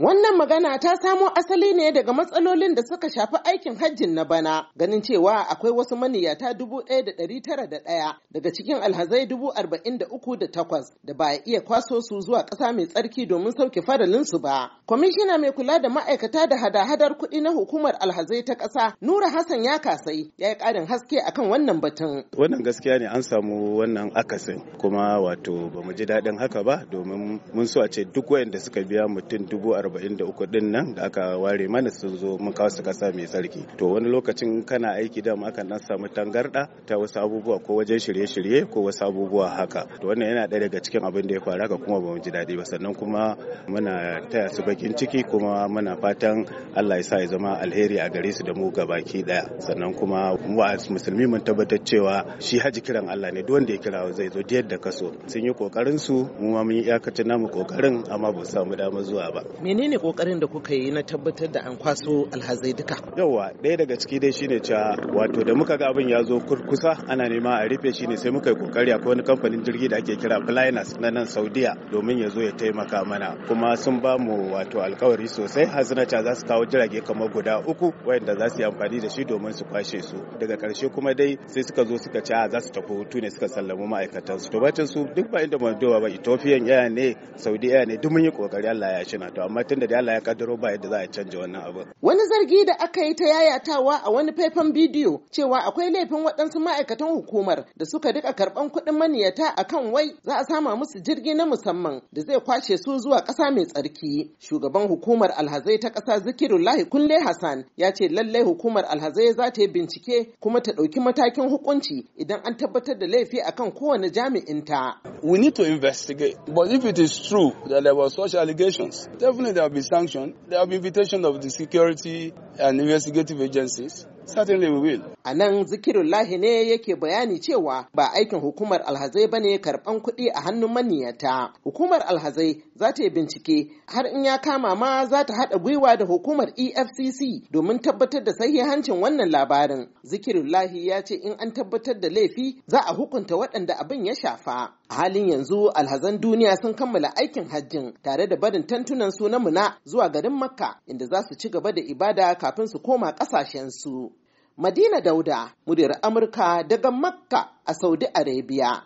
Wannan magana ta samo asali ne daga matsalolin da suka shafi aikin hajjin na bana, ganin cewa akwai wasu maniyata dubu ɗaya da ɗari tara da ɗaya daga cikin alhazai dubu arba'in da uku da takwas da ba a iya kwaso su zuwa ƙasa mai tsarki domin sauke su ba. Kwamishina mai kula da ma'aikata da hada-hadar kuɗi na hukumar alhazai ta ƙasa Nura Hassan ya kasai ya yi ƙarin haske akan wannan batun. Wannan gaskiya ne an samu wannan akasin kuma wato ba mu ji daɗin haka ba domin mun so a ce duk wayanda suka biya mutum dubu arba'in 43 din nan da aka ware mana su zo mun kawo su kasa mai sarki to wani lokacin kana aiki da akan dan samu tangarda ta wasu abubuwa ko wajen shirye-shirye ko wasu abubuwa haka to wannan yana ɗaya daga cikin abin da ya faru haka kuma ba mu ji daɗi ba sannan kuma muna taya su bakin ciki kuma muna fatan Allah ya sa ya zama alheri a gare su da mu gabaki daya sannan kuma mu musulmi mun tabbatar cewa shi haji kiran Allah ne duk wanda ya kira zai zo yadda kaso sun yi kokarin su mu ma mun yi iyakacin namu kokarin amma ba su samu damar zuwa ba menene kokarin da kuka yi na tabbatar da an kwaso alhazai duka yawa ɗaya daga ciki dai shine cewa wato da muka ga abin ya zo kurkusa ana nema a rufe shine sai muka yi kokari akwai wani kamfanin jirgi da ake kira Flynas na nan Saudiya domin ya zo ya taimaka mana kuma sun ba mu wato alkawari sosai ca za su kawo jirage kamar guda uku wayanda za su yi amfani da shi domin su kwashe su daga ƙarshe kuma dai sai suka zo suka ce za su tafi hutu ne suka sallamu ma'aikatan su to bacin su duk ba inda Moldova ba Ethiopian yaya ne Saudi ne duk mun yi kokari Allah ya na to amma amma da Allah ya kaddaro ba yadda za a canja wannan abu. wani zargi da aka yi ta yayatawa a wani faifan bidiyo cewa akwai laifin waɗansu ma'aikatan hukumar da suka rika karɓan kuɗin maniyata akan wai za a sama musu jirgi na musamman da zai kwashe su zuwa ƙasa mai tsarki shugaban hukumar alhazai ta ƙasa zikirullahi Kunle hassan ya ce lallai hukumar alhazai za ta yi bincike kuma ta ɗauki matakin hukunci idan an tabbatar da laifi akan kowane jami'in ta we need to investigate. But if it is true that there were such allegations, definitely there will be sanction. There will be invitation of the security and investigative agencies. Certainly we will. A nan zikirullahi ne yake bayani cewa ba aikin hukumar alhazai ba ne karɓan kuɗi a hannun maniyata. Hukumar alhazai za ta yi bincike har in ya kama ma za ta haɗa gwiwa da hukumar EFCC domin tabbatar da sahihancin wannan labarin. Zikirullahi ya ce in an tabbatar da laifi za a hukunta waɗanda abin ya shafa. A halin yanzu alhazan duniya sun kammala aikin hajjin tare da barin tantunan su na muna zuwa garin Makka inda za su ci gaba da ibada kafin su koma ƙasashensu. Madina Dauda, muryar Amurka daga Makka a Saudi Arabia.